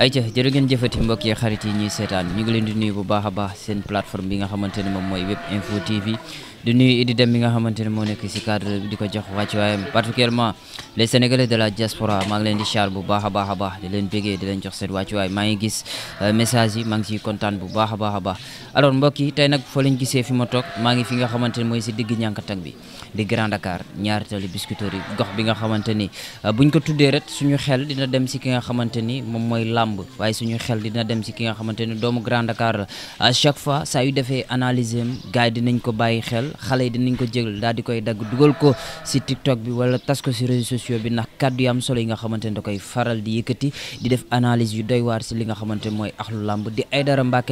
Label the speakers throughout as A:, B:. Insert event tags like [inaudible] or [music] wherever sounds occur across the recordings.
A: ay jërë ngeen jëfati mbokk yi xarit yi ñuy seetaan ñu ngi leen bu baax a baax seen plateforme bi nga xamante ne moom mooy web info TV di nuyu Idi Dem mi nga xamante ne moo nekk si cadre di ko jox wàcc waayam particulièrement les sénégalais de la diaspora maa ngi leen di char bu baax a baax a baax di leen bégee di leen jox seen wàcc waay maa ngi gis euh, message yi maa ngi siy kontaan bu baax a baax a baax alors mbokk yi tey nag foo leen gisee fi ma toog maa ngi fi nga xamante ne mooy si digg ñànkatang bi di Grand Dakar ñaari tali Biscuiterie gox bi nga xamante ni euh, buñ ko tuddee rek suñu xel dina dem si ki nga xamante ni moom mooy làmb waaye suñu xel dina dem si ki nga xamante ni doomu Grand Dakar la à chaque fois saa defee analyse gars dinañ ko bàyyi xel jël xale yi dinañ ko jël daal koy dagg dugal ko si TikTok bi wala tas ko si réseaux sociaux bi ndax kàddu yi am solo yi nga xamante ne koy faral di yëkkati di def analyse yu doy waar si li nga xamante ne mooy axlu làmb di Aidara Mbacke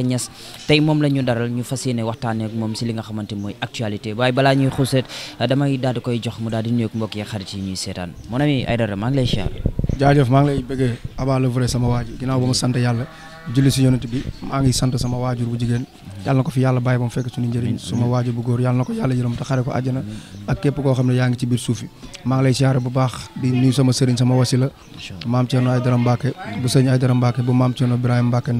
A: la ñu daral ñu fas yéene waxtaanee ak moom si li nga xamante mooy actualité waaye balaa ñuy xuseet damay daal di koy jox mu daal di nuyoog mbokk yi xarit yi ñuy seetaan
B: mon ami Aidara maa ngi lay ziar jaajëf maa ngi lay bëggee Aba le sama waa ji ginnaaw ma sant yàlla julli si yonent bi maa ngi sant sama waajur bu jigéen yàlla na ko fi yàlla bàyyi ba mu fekk suñu njëriñ suma waajur bu góor yàlla na ko yàlla yërëm te xare ko àjjana ak képp koo xam ne yaa ngi maa ngi lay di nuyu sama sëriñ sama wasila maam Thierno Aydara Mbacke bu sëriñ Aydara Mbacke bu maam Thierno Ibrahima bëggee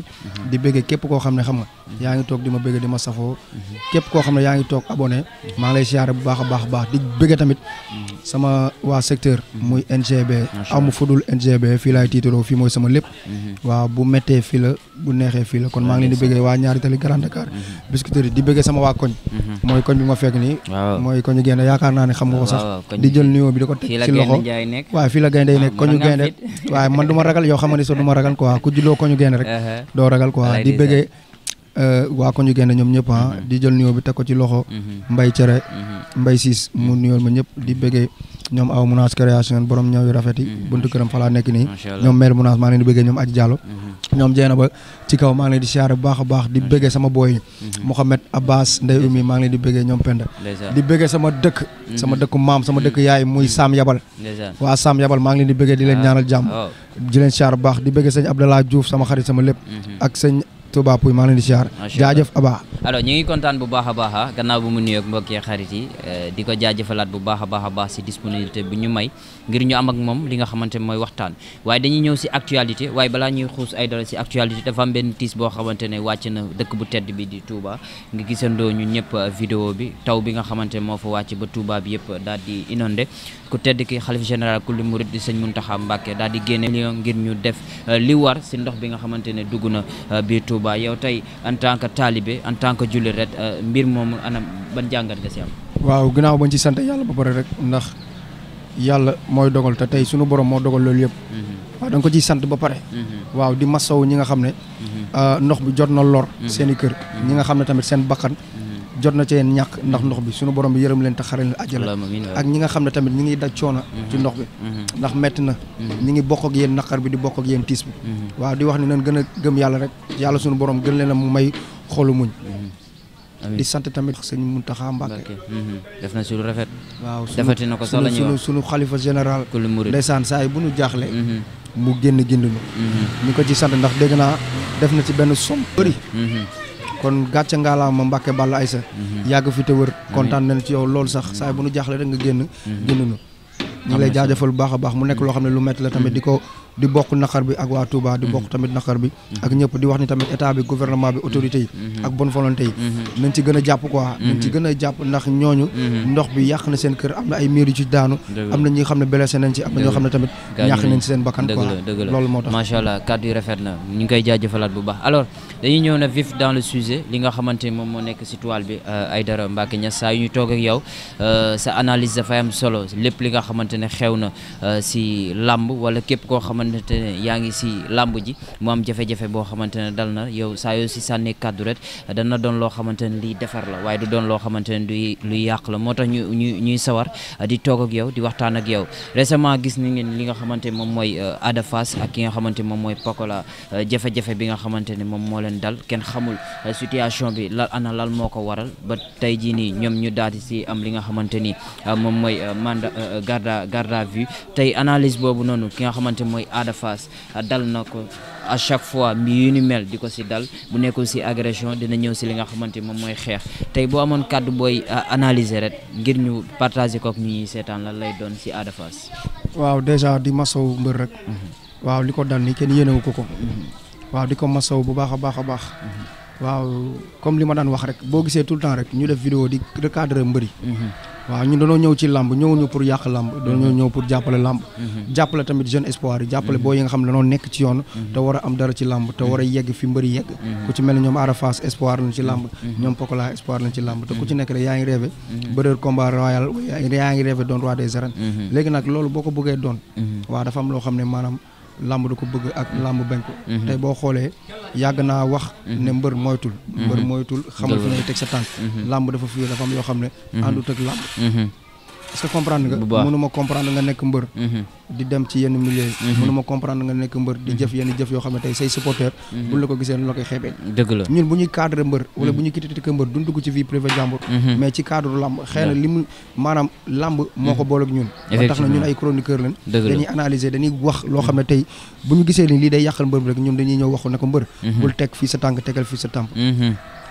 B: mm-hmm. di bëggee képp koo xam ne xam nga mm-hmm. yaa ngi toog di ma bëggee di ma safoo mm-hmm. képp koo xam ne yaa ngi toog abonné maa ngi lay siyaare bu baax a baax a baax di bëggee tamit sama waa secteur muy NGB bébé fii laay tiitaroo mooy sama lépp mhm. waaw bu méttee fii la bu neexee fii la kon maa ngi leen di bëggee waa ñaari tali Grand Dakar mhm. biscuiterie di bëggee sama waa koñ mhm. mooy koñ bi ma fekk nii mooy koñu gaynde ko sax di jël nuyoo bi di ko teg ci loxo waaw fii la gaynde yi nekk [laughs] waaye man du ragal yow xam nga ne sax du ma ku juddoo koñu gaynde rek doo ragal quoi di bëggee euh, waa ko ñu ñoom ñëpp ah di jël nuyoo bi teg ko ci loxo mbay cere mbay siis mu nuyool ma ñëpp di bëggee ñoom aw Mounas création borom ñëw yu rafet yi mm-hmm. buntu këram fa laa nekk nii ñoom mère Mounas maa leen di bëggee ñoom Aji Diallo mm-hmm. ñoom jeena ba ci kaw maa ngi leen di bu baax a baax di bëggee sama booy yi mm-hmm. Mouhamed Abbas Ndey Umi maa ngi leen di bëggee ñoom Penda di bëggee sama dëkk sama dëkku maam sama dëkk yaay muy Sam Yabal waa Sam Yabal maa ngi leen di bëggee di leen ah. ñaanal jàmm oh. di leen siyaare bu baax di bëggee sëñ Abdallah Diouf sama xarit sama lépp ak sëñ Touba Pouye maa ngi leen di siyaar jaajëf Aba
A: alors ñu ngi kontaan bu baax a baax gannaaw bu mu nuyoog mbokk yi xarit yi eh, di ko jaajëfalaat bu baax a baax a baax si disponibilité bu ñu may ngir ñu am ak moom li nga xamante mooy waxtaan waaye dañuy ñëw si actualité waaye balaa ñuy xuus ay si actualité dafa am benn tiis boo xamante wàcc na dëkk bu tedd bi di Touba nga gisandoo ñu ñëpp uh, vidéo bi taw bi nga xamante moo fa wàcc ba Touba bi yëpp daal di inondé ku tedd ki xalif général ku li murid di sëñ Muntaxa Mbàkke daal di génne million ngir ñu def uh, li war si ndox bi nga xamante ne dugg na uh, biir Touba yow tey en tant que taalibe en tant que jullit rek mbir moomu anam ban jàngat nga si am
B: yàlla mooy dogal te tey suñu borom moo dogal loolu yëpp mm-hmm. waaw da ko ciy sant ba pare mm-hmm. waaw di masaw ñi nga xam ne mm-hmm. ah, ndox bi jot na lor seen i kër ñi nga xam ne tamit seen bakkan jot na ceen ñàkk ndax ndox bi sunu borom bi yërëm leen te xare leen àjjana ak ñi nga xam ne tamit ñi ngi daj coono ci ndox bi ndax metti na ñi ngi bokk ak yéen naqar bi di bokk ak yéen tiis bi waaw di wax ne nan gën a gëm yàlla rek yàlla suñu borom gën leen a mu may xolu muñ di sant tamit sëñ Mountakha Mbacké
A: mhm. def na si lu rafet waaw defati na ko sax la ñuy wax
B: suñu xalifa général
A: kul murid ndeysaan
B: saa yi bu ñu jaaxle mhm. mu génn gindi mhm. ñu ko ci sant ndax dégg naa def na ci benn som bëri kon gàcce ngaalaama Mbacke Balla Aïssa yàgg fi te wër kontaan nañ ci yow loolu sax saa yi bu nu jaaxle rek nga génn génn ñu ngi lay jaajëfal bu baax baax mu nekk loo xam ne lu métti la tamit mm-hmm. di ko di bokk naqar bi ak waa Touba di mm-hmm. bokk tamit naqar bi mm-hmm. ak ñëpp di wax ni tamit état bi gouvernement bi autorité yi ak bonne volonté yi nañ ci gën a jàpp quoi ci gën a jàpp ndax ñooñu ndox bi yàq na seen kër am na ay miir yu ci daanu am xam ne blessé nañ ci am na ñoo xam ne tamit ñàq nañ ci seen bakkan quoi loolu moo tax macha allah
A: kàddu yi rafet na ñu ngi koy jaajëfalaat bu baax alors dañuy ñëw na vif dans le sujet li nga xamante ni moom moo nekk si toile bi euh, Aïdara Mbacke Niass saa yu ñu toog ak yow euh, sa analyse dafay am solo lépp li nga xamante ne xew na si euh, làmb wala képp koo xamante ne yaa ngi si làmb ji mu am jafe boo xamante ne dal na yow saa yoo sànni kàddu rek dana doon loo xamante ne liy defar la waaye du doon loo xamante ne du luy yàq la moo tax ñu ñu ñuy sawar di toog ak yow di waxtaan ak yow récemment gis nañu li nga xamante moom mooy Ada Fass ak ki nga xamante moom mooy Pokola jafe-jafe bi nga xamante ne moom moo leen dal kenn xamul euh, situation bi lal ana moo ko waral ba tey jii nii ñoom ñu daal di si am li nga xamante ni euh, moom mooy euh, mandat garde garde à vue tey analyse boobu noonu ki nga xamante mooy Ada Fass dal na ko à chaque fois mbi yu ni mel di ko si dal bu nekkul si agression dina ñëw si li nga xamante moom mooy xeex tey boo amoon kàddu booy analyser rek ngir ñu partager ko ak ñi seetaan la lay doon si Ada Fass.
B: waaw déjà di masawu mbër rek. Mhm. waaw li ko dal ni kenn yéenewu ko ko. Mhm. waaw di ko masaw bu baax a baax a baax. Mm-hmm. waaw comme li ma daan wax rek boo gisee tout temps rek ñu def vidéo di recadrer mbëri. Mm-hmm. waaw ñun dañoo ñëw ci làmb ñëwuñu pour yàq làmb mm-hmm. dañoo ñëw pour jàppale làmb jàppale tamit jeune espoir yi jàppale boo yi nga xam ne dañoo nekk ci yoon te war a am dara ci làmb te war a yegg fi mbëri yegg ku ci mel ñoom Arafas espoir lañ ci làmb ñoom Pokola espoir lañ ci làmb te ku ci nekk rek yaa ngi rêvé bëreur combat royal làmb du ko bëgg ak mm-hmm. làmb bañ ko mm-hmm. tey boo xoolee yàgg naa wax mm-hmm. ne mbër moytul mbër moytul xamal fi ngay teg sa tànk làmb dafa fii dafa am yoo xam ne àndut ak làmb est-ce que comprendre nga mhm. mhm. mënuma comprendre nga nekk mbër di dem ci yenn milieu mënuma comprendre nga nekk mbër di jëf yenn jëf yoo xam ne tey say supporter mhm. buñ la ko gisee la koy xeebee dëgg la ñun bu mbër bu moo ko boole ak ñun ba tax na ñun ay chroniqueur lañ dañuy analyser dañuy wax loo xam ne tey bu ñu gisee ni lii day yàqal mbër bi rek ñun dañuy ñëw waxu ne mbër bul teg fii sa tànk tegal fii sa tàmp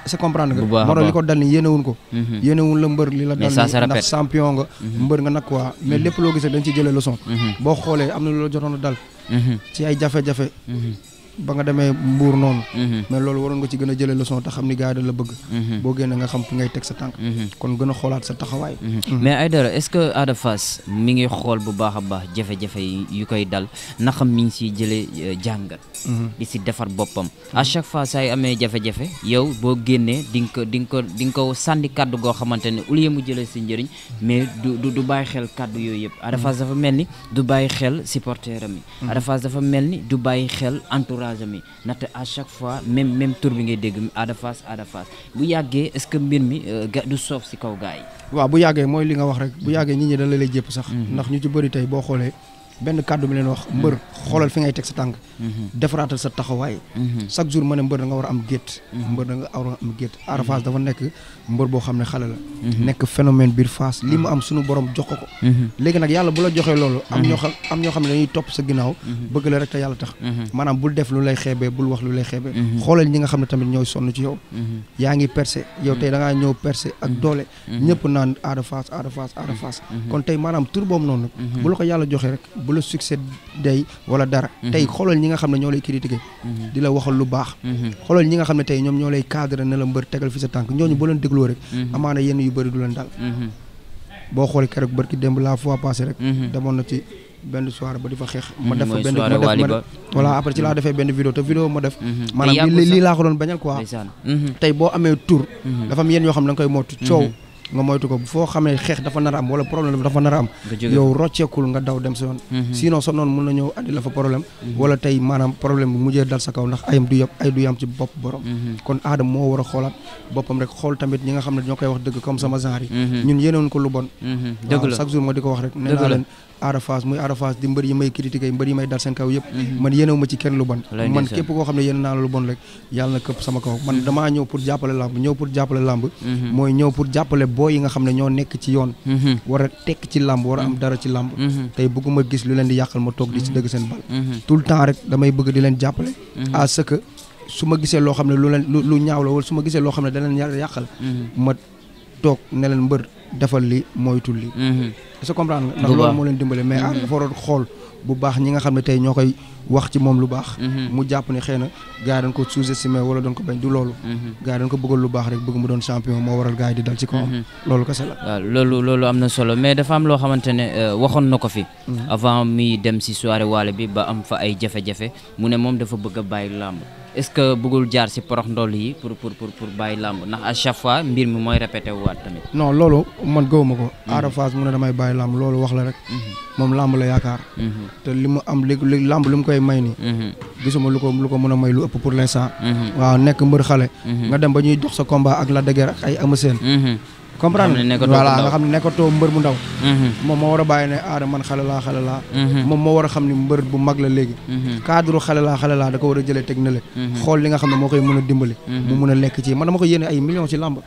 B: c'est comprendre nga. bu baax moo li ko dal ni yéenewuñ ko. Mhm. yéenewuñ la mbër li la dal ni ndax champion nga. Mhm. mbër nga nag quoi mais mhm. lépp loo gisee dañ ci jëlee leçon. boo xoolee am na lu la jotoon a dal. ci ay jafe-jafe. ba nga demee mbuur noonu mhm. mais loolu waroon nga ci gën a jëlee leçon te xam ni gars yi da la bëgg mhm. boo génnee nga xam fi ngay teg sa tànk mhm. kon gën a xoolaat sa taxawaay mais
A: Aidara est-ce que Ada Fass mi ngi xool bu baax a baax jafe-jafe yu koy dal na xam mi ngi si jëlee euh, jàngat di si defar boppam à chaque fois saa amee jafe-jafe yow boo génnee di nga ko di nga ko di nga ko sànni kàddu goo xamante ne au lieu mu jëlee si njëriñ mais du du bàyyi xel kàddu yooyu yëpp Ada dafa mel ni du bàyyi xel supporteram yi Ada entourage am à chaque fois même même tour bi ngay dégg Ada Fass bu yàggee est-ce mbir mi euh, du soof si kaw gars yi.
B: waaw bu yàggee mooy li nga wax rek bu yàggee nit ñi da la lay jëpp sax. Mhm. ndax ñu ci bëri tey boo xoolee. benn kàddu bi leen wax mbër mm-hmm. xoolal fi ngay teg sa tànk mm-hmm. defaraatal sa taxawaay mm-hmm. chaque jour ma ne mbër da war a am gétt mbër da war am gétt Ada dafa nekk mbër boo xam ne xale la nekk phénomène biir Fass li mu am suñu borom jox ko ko léegi nag yàlla bu la joxee loolu am ñoo xam am ñoo xam ne dañuy topp sa ginnaaw bëgg la rek te yàlla tax maanaam bul def lu lay xeebee bul wax lu lay xeebee xoolal ñi nga xam ne tamit ñooy sonn ci yow yaa ngi percé yow tey da ngaa ñëw percé ak doole la ko bu la succès day wala dara mhm. tey xoolal ñi nga xam ne ñoo lay critiquer mhm. di la waxal lu baax mhm. xoolal ñi nga xam ne tey ñoom ñoo lay cadre na la mbër tegal fi sa tànk ñooñu boo leen dégloo rek amaana yenn yu bëri du leen dal boo xoolee keroog barki démb la fois passé rek demoon na ci benn soirée ba di fa xeex ma def ma def ma def maanaam lii laa ko doon bañal quoi tey boo amee tour dafa am yenn yoo xam ne nga koy moytu coow nga moytu ko bu foo xamee xeex dafa nar am wala problème dafa nar a am yow rocceekul nga daw dem sa yoon mhm. sinon sa noonu mën na ñëw andi la fa problème mhm. wala tey maanaam problème bu mujjee dal sa kaw ndax ayam du yab ay du yam ci bopp borom mhm. kon aadam moo war a xoolaat boppam rek xool tamit ñi nga xam ne ñoo koy wax dëgg comme sama genre yi ñun yéenoon ko lu bon dëgg la di ko wax rek nee naa Ada Fass muy Ada Fass di mbër yi may critiquer mbër yi may dal seen kaw yëpp mhm. man yéenewu ci kenn lu bon man képp koo xam ne yéene naa la lu bon man mhm. damaa ñëw pour jàppale làmb ñëw pour jàppale mhm. xam ne ñoo nekk ci yoon war a war am dara ci tey bëgguma gis lu leen di yàqal ma toog di ci seen bal tout le temps rek bëgg di leen jàppale à ce que su ma gisee loo xam ne lu leen lu ñaaw la su ma gisee loo xam ne da yàqal ma toog ne leen mbër defal li moytul li est-ce que comprendre nga. ndax loolu moo leen dimbale mais ah dafa waroon xool bu baax ñi nga xam ne tey ñoo koy wax ci moom lu baax. Mhm. mu jàpp ne xëy na gars yi dañ ko sous-estimé wala doon ko bañ du loolu. Mhm. gars yi ko bëggal lu baax rek bëgg mu doon champion moo waral gars yi di dal ci kawam. Mhm. loolu kese
A: la. waaw loolu loolu am na solo mais dafa am loo xamante ne euh, waxoon na ko fi. avant muy dem si soirée waale bi ba am fa ay jafe-jafe mu ne moom dafa bëgg a bàyyi làmb. est-ce que bëggul jaar ci porox ndoll yi pour pour pour pour bàyyi làmb ndax a chaque fois mbir mi mooy répété waat tamit.
B: non loolu man gëwuma ko. Ada Fass mu ne damay bàyyi waaye loolu wax la rek. moom làmb la yaakaar. te li mu am léegi làmb li mu koy may nii. gisuma lu ko lu ko mën a may lu ëpp pour l'instant. waaw nekk mbër xale. nga dem ba ñuy dox sa combat ak la dëgër ak ay amaseen. comprendre voilà nga xam ne nekkatoo mbër mu ndaw moom moo war a bàyyi ne aada man xale laa xale laa mhm. moom moo war a xam ne mbër bu mag la léegi mhm. cadre xale laa xale laa da ko war a jëlee teg na mhm. xool li nga xam ne moo koy mën a dimbali mu mën a lekk ci man dama ko yéene ay millions ci làmb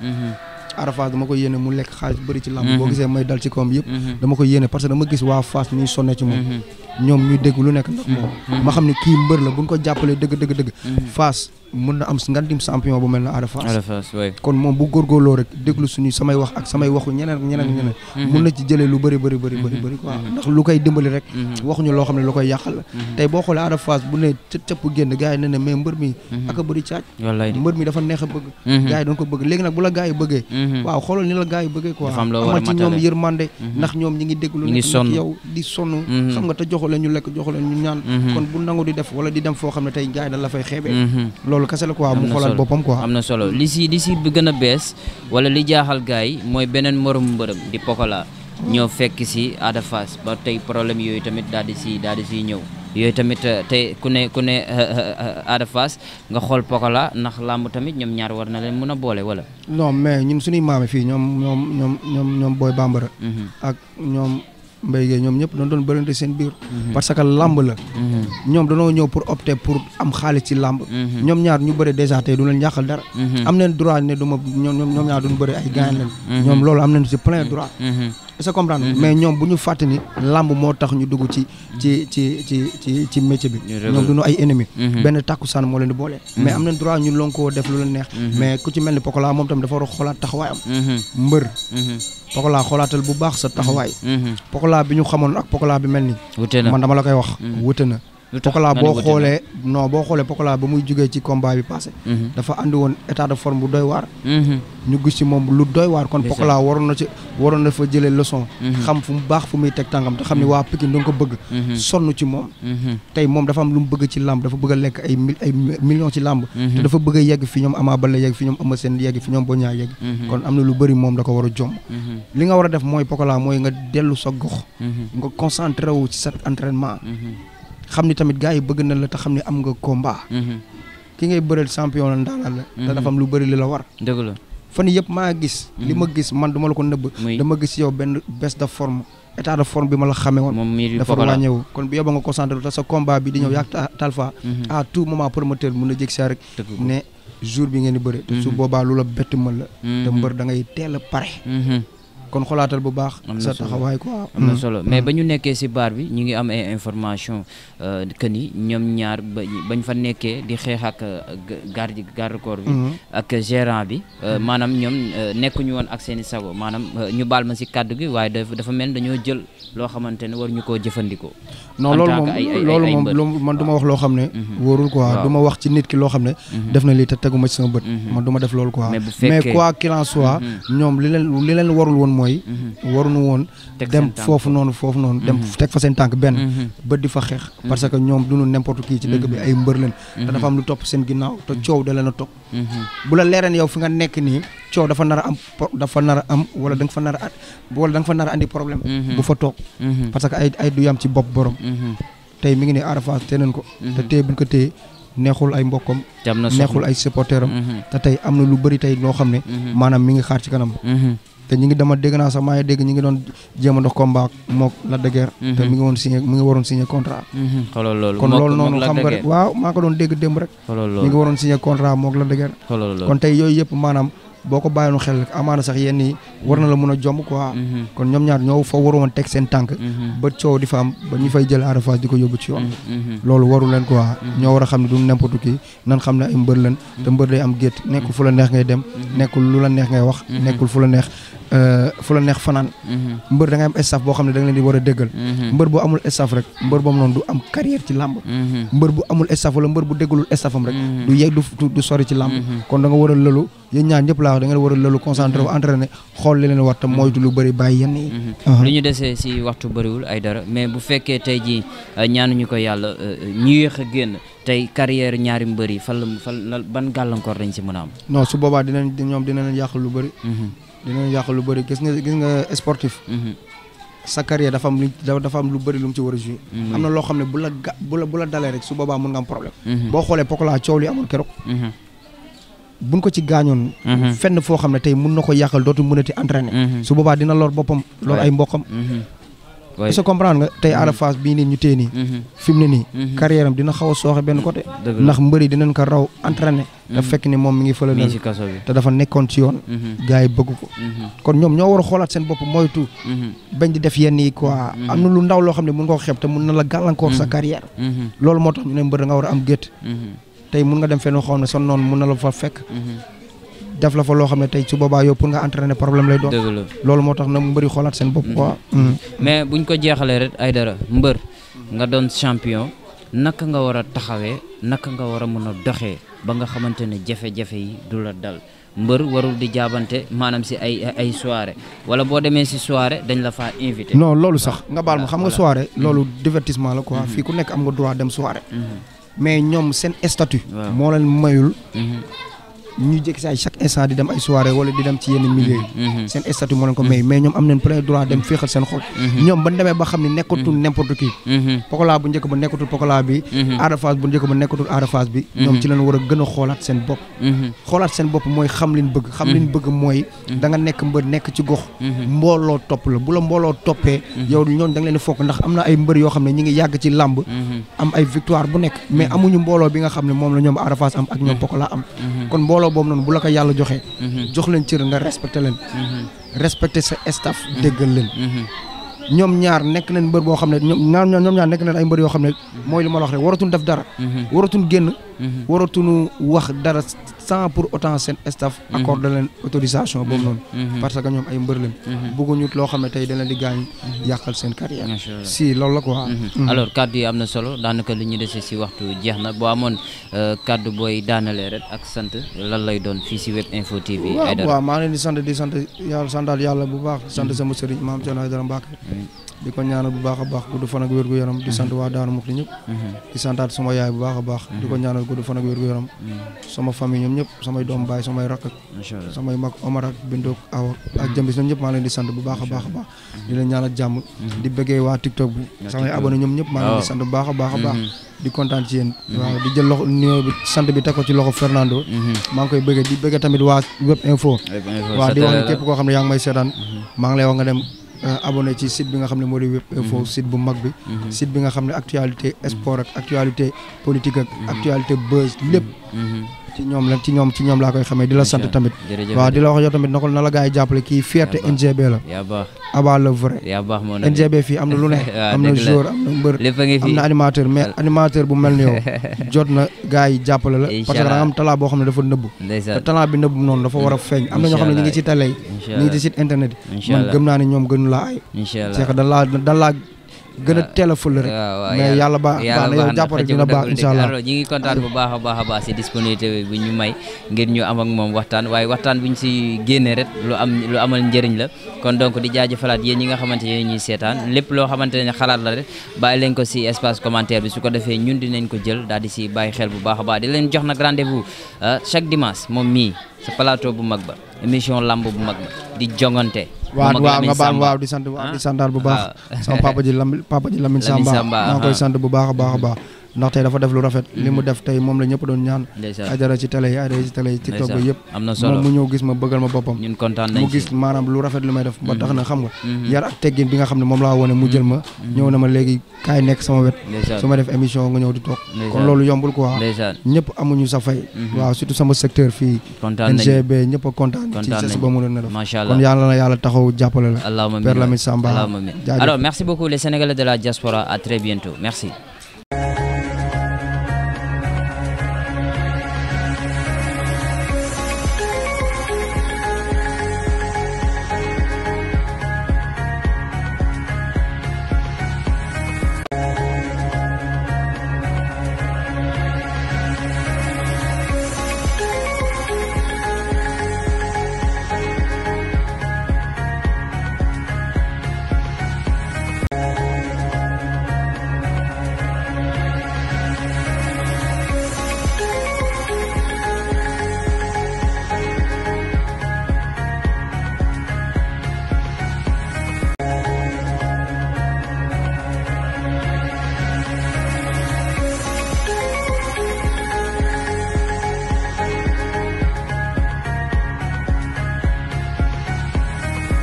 B: Arafaas dama ko yéene mu lekk xaalis bëri ci làmb mm-hmm. boo gisee may dal ci koom yëpp mm-hmm. dama ko yéene parce que dama gis waa Fass ñuy sonne ci moom mm-hmm. ñoom ñuy dégg lu nekk ma xam ne kii mbër la buñ ko jàppalee dëgg dëgg dëgg Fass mën na am nga dim champion bu mel na Ada Fass kon moom bu góorgóorloo rek déglu suñu samay wax mm-hmm. lu bëri bëri bëri bëri mm-hmm. bëri quoi mm-hmm. ndax lu koy dimbali rek loo xam ne lu koy yàqal la tey boo xoolee Ada Fass bu ne cëp cëpp génn gars a bëri caaj dafa neex a bëgg ko bëgg léegi nag bu la gars yi la gars yi bëggee quoi amal ci ñoom yërmande ndax ñoom ñi ngi déglu nekk yow di sonn xam nga te joxu leen ñu lekk joxu leen ñu ñaan kon di def wala di dem foo xam ne tey gars yi da la fay xeebee loolu kese la quoi mu xoolaat boppam quoi am na
A: solo li si li si gën a bees wala li jaaxal gars yi mooy beneen morom mbërëm di Pokola ñoo fekk si Ada Fass ba tey problème yooyu tamit daal di si daal di siy ñëw yooyu tamit eh, tey ku ne ku ne eh, eh, Ada Fass nga xool Pokola ndax làmb tamit ñoom ñaar war na leen mun a boole wala.
B: non mais ñun suñuy maame fii ñoom ñoom ñoom ñoom ñoom Boy mhm. ak ñoom. mbay Gueye ñoom ñëpp doon doon bërante seen biir. Mhm. parce que làmb la. Mhm. ñoom danoo ñëw pour opter pour am xaalis ci làmb. Mhm. ñoom ñaar ñu bëre dèjà tey du leen yàqal dara. am nañ droit ne du ma ñoom ñoom ñaar duñ bëri ay gaañ ñoom loolu am nañ ci plein droit. sa comprendre mhm. mais ñoom bu ñu fàtte ni làmb moo tax ñu dugg ci ci ci ci ci ci métier bi ñoom duñu ay ennemi mhm. benn tàkku tàkkusaan moo leen di boole mhm. mais am na droit ñu lon koo def lu leen neex mais ku ci mel ni Pokola moom tamit dafa war a xoolaat taxawaayam mbër Pokola xoolaatal bu baax sa taxawaay Pokola bi ñu xamoon ak Pokola bi mel ni man dama la koy wax wute na Pokola boo xoolee non boo xoolee Pokola ba muy jógee ci combat bi passé mhm. dafa andi woon état de forme bu doy waar mhm. ñu gis ci moom lu doy waar kon Pokola waroon na ci waroon na fa jëlee leçon mhm. xam fu mu baax fu muy teg tàngam te xam ne waa Pikine doon ko bëgg sonn ci moom tey moom dafa lu bëgg ci làmb dafa bëgg lekk ay ay millions ci làmb te dafa bëgg a yegg fi ñoom Ama Baldé yegg fi ñoom Eumeu seen yegg fi ñoom Boña yegg kon am na lu bëri moom da war a jom li nga war a def mooy Pokola mooy nga dellu sa gox nga concentré wu ci sa entraînement xam ni tamit gaa yi bëgg na la te xam ni am nga komba mhm. ki ngay bëreel champion la ndaanaan la. Mhm. te dafa lu bëri la la war. dëgg fan yëpp maa gis. Mhm. li ma gis man duma la ko nëbb. dama gis yow benn baisse de form état de forme bi ma la xamee woon. moom miir dafa wàññeewu kon bi yóbbu nga concentré te sa combat bi di ñëw yàgg Talfa. à tout moment promoteur mun na jég saa rek. ne jour bi ngeen di bëri. te su boobaa lu la bett ma la. te mbër da ngay teel a pare. kon xolaatal bu baax. sa taxawaay quoi. am mm. mais ba
A: ñu nekkee si baar bi ñu ngi am ay information euh, que ñoom ñaar bañ fa nekkee di xeex ak euh, garde garde corps bi. Mm-hmm. ak gérant bi. Euh, mm-hmm. maanaam ñoom nekkuñu woon ak seen i maanaam ñu baal ma si kàddu gi waaye dafa mel dañoo jël loo xamante ne war ñu koo jëfandikoo. non loolu moom
B: loolu man du ma wax loo xam ne. Mm-hmm. wóorul ko du ma wax ci nit ki loo xam ne. def na lii te teguma ci sama bët. man du ma def loolu quoi. mais quoi qu'il en soit. ñoom li leen li leen warul woon mooy waruñu woon dem foofu noonu foofu noonu dem mhm. teg fa seen tànk benn mhm. ba di fa xeex mhm. parce que ñoom duñu n'importe kii ci dëkk bi ay mbër leen te dafa am lu topp seen ginnaaw te coow da leen a topp bu la leereen yow fi nga nekk nii coow dafa nar am dafa nar am wala da fa nar a wala da fa nar a andi problème bu fa toog parce que ay ay du yam ci bopp borom tey mi ngi ne Ada Fass te nañ ko te téye buñ ko téye neexul ay mbokkam neexul ay supporteram te tey am na lu bëri tey loo xam ne maanaam mi ngi xaar ci kanam te ñu ngi dama dégg naa sax maa ngi dégg ñu ngi doon jéem a dox combat mook la dëgër mhm. te mi ngi woon signé mi ngi waroon signé contrat mhm. xoolal kon loolu noonu xam nga waaw maa ko doon dégg démb rek xoolal loolu mi ngi waroon signé contrat mook la dëgër kon tey yooyu yëpp maanam boo ko bàyyoon xel amaana sax yenn yi war na la mun a jomb quoi. Mhm. kon ñoom ñaar ñoo fa waroon teg seen tànk. Mhm. ba coow di fa am ba ñu fay jël Ada Fass di ko yóbbu ci yoon. Mhm. loolu waru leen quoi. ñoo war a xam ne du n'importe qui nan xam ne ay mbër lañ. te mbër day am gétt nekkul fu la neex ngay dem. nekkul lu la neex ngay wax. nekkul fu la neex euh, fu la neex fanaan. mbër da ngay am staff boo xam ne da nga leen di war a déggal. mbër bu amul staff rek mbër boobu noonu du am carrière ci làmb. mbër bu amul staff wala mbër bu déggalul staffam rek. du yegg du sori ci làmb kon da war a yéen ñaan ñëpp laa wax da ngeen war a loolu concentré wu mm-hmm. entraîné xool li leen war tam moytu lu bëri bàyyi yenn yi mm-hmm. uh-huh. lu
A: ñu desee si waxtu bariwul ay dara mais bu fekkee tey jii euh, ñu ko yàlla euh, euh, ñu yéex a génn tey carrière ñaari mbër yi fan fan ban gàllankoor dañ si mën a am no
B: su boobaa dinañ ñoom dinañ yàq lu bëri mm-hmm. dinañ yàq lu bari gis nga gis nga sportif sa carrière dafa am lu dafa am lu bëri lu mu ci war a joué am na loo xam ne bu la ga bu la bu la dalee rek su boobaa mën nga am problème boo xoolee Pokola coow li buñ ko ci gaañoon mhm. fenn foo xam ne tey mun na ko yàqal dootu mënati entraîner mhm. su boobaa dina lor boppam lor ay mbokkam mhm. est ce nga tey Ada Fass bii nii ñu téye nii fi mu ne nii carrière am dina xaw a sooxe benn côté ndax mbëri dinañ ko raw entraîner te fekk ni moom mi ngi fële te dafa nekkoon si yoon gars bëgg ko kon ñoom ñoo war a xoolaat seen bopp moytu bañ di def yenn yi quoi am na lu ndaw loo xam ne mun nga ko xeeb te mun na la gàllankoor sa carrière loolu moo tax ñu ne mbër da nga war a am gétt tey mun nga dem fenn xoo xam ne son noonu mun na la fa fekk mhm. def la fa loo xam ne tey su boobaa yow pour nga entraîner problème lay doon loolu moo tax na mbëri xoolaat seen bopp quoi mhm. Mhm.
A: mais bu ñu ko jeexalee rek ay dara mbër nga doon champion naka nga war a taxawee naka nga war a mun a doxee ba nga xamante ne jafe yi du la dal mbër warul di jaabante maanaam si ay ay soirée wala boo demee si soirée dañ la fa invité non loolu sax nga baal ma xam nga soirée loolu
B: divertissement la quoi fii ku nekk am nga droit dem soirée mais ñoom seen statut. moo leen mayul. Mhm. ñu jékki saa chaque instant di dem ay soirée wala ci mm-hmm, mm-hmm. leen mm-hmm. bu njëkk ba nekkatul Pokola bi Ada Fass bu njëkk ba nekkatul war a gën a xoolaat seen bopp xoolaat seen bopp mooy xam liñ bëgg xam liñ bëgg mooy da nga nekk mbër nekk ci gox mbooloo topp la bu la mbooloo toppee yow ñoon da nga leen fokk ndax am na ay mbër yoo xam ne ñu ngi yàgg ci làmb am ay victoire bu nekk mais amuñu mbooloo bi nga xam ne moom la ñoom Ada Fass am ak ñoom Pokola am kon mbooloo boobu noonu bu la ko yàlla joxee. Mhm. jox leen cër nga respecté leen. Mhm. respecté sa staff. Mhm. déggal leen. ñoom ñaar nekk nañ mbër boo xam ne ñoom ñaar ñoom ñaar nekk nañ ay mbër yoo xam ne. mooy li ma la wax rek waratuñ def dara. waratuñ génn. Mhm. waratunu wax dara sans pour autant seen staff mhm. accordé leen autorisation boobu mhm. noonu parce que ñoom ay mbër lañ bëgguñu loo xam tey dana di gaañ yàqal seen carrière si loolu la quoi alors
A: kàddu yi am na solo daanaka li ñu dese si waxtu jeex na boo amoon euh, kàddu booy daanalee rek ak sant lan lay doon fii si web info tv waaw
B: maa ngi leen di sant di sant yàlla santal yàlla bu baax sant sama sëriñ maam Thierno Aïdara Mbacke di ko ñaanal bu baax a baax gudd fan ak wér gu yaram di sant waa Daaru Muxti ñëpp di santaat sama yaay bu baax a baax di ko ñaanal gudd fan ak gu yaram sama famille ñoom ñëpp samay doom baax a baax a baax di bu samay abonné ñoom ñëpp maa leen di sant bu baax a baax a baax di kontaan ci yéen mhm. waaw di jël loxo nuyoo bi sant bi teg ko ci loxo Fernando mhm. maa ngi koy bëggee di bëggee tamit waa Web Info waaw di wax ne képp koo xam ne yaa ngi may seetaan mhm. maa ngi lay wax nga dem Euh, abon ci site bi nga xam ne moo di web info mhm. bu mag bi mhm. site bi nga xam ne actualité sport ak actualité politique ak mhm. actualité buzz lépp ci ñoom la ci ñoom ci ñoom laa koy xamee di la sant tamit waaw di la wax yow tamit na ko na la gars yi jàppale kii fierté NGB la yaa baax Aba NGB fii am na lu ne [laughs] am na joueur am na mbër am na animateur mais animateur bu mel ni yow [laughs] jot na gars yi jàppale la parce que am talent boo xam ne dafa nëbb te talent bi nëbb noonu dafa war a feeñ am na ñoo xam ne ñi ngi ci télé yi ngi ci site internet man gëm naa ne ñoom gënu laa ay gën a ah, teel a ful rek. mais yàlla baax na yow jàpp rek dina baax incha allah ngi kontaan bu
A: baax a baax a baax si disponibilité bu ñu may ngir ñu am ak moom waxtaan waaye waxtaan bu ñu si génnee rek lu am lu amal njëriñ la kon donc di jaajëfalaat yéen ñi nga xamante ne ñuy seetaan lépp loo xamante ne xalaat la rek bàyyi leen ko si espace commentaire bi su ko defee ñun dinañ ko jël daal di si bàyyi xel bu baax a baax di leen jox nag rendez euh, chaque dimanche moom mii sa plateau bu mag ba émission lamb bu mag di jongante waaw waa nga baal waaw
B: di sant waaw ah? di santaat bu baax ah. sama papa ji Lamine papa ji Lamine Samba maa koy ah. sant bu baax a baax a ndax tey dafa def lu rafet li mu mhm. def tey moom la ñëpp doon ñaan ajara ci télé yi ajara ci télé yi ci togg yëpp moom mu ñëw gis ma bëggal ma boppam mu gis maanaam lu rafet lu may def ba tax na mhm. xam nga mhm. yar ak teggin bi nga xam ne moom laa wone mu jël ma ñëw na ma léegi kaay nekk sama wet su ma def émission nga ñëw di toog kon loolu yombul quoi ñëpp amuñu sa fay waaw surtout sama secteur fii ngb ñëpp a kontaan ci ses ba mu na def kon yàlla na yàlla taxaw jàppale la Père Lamine Samba alors
A: merci beaucoup les Sénégalais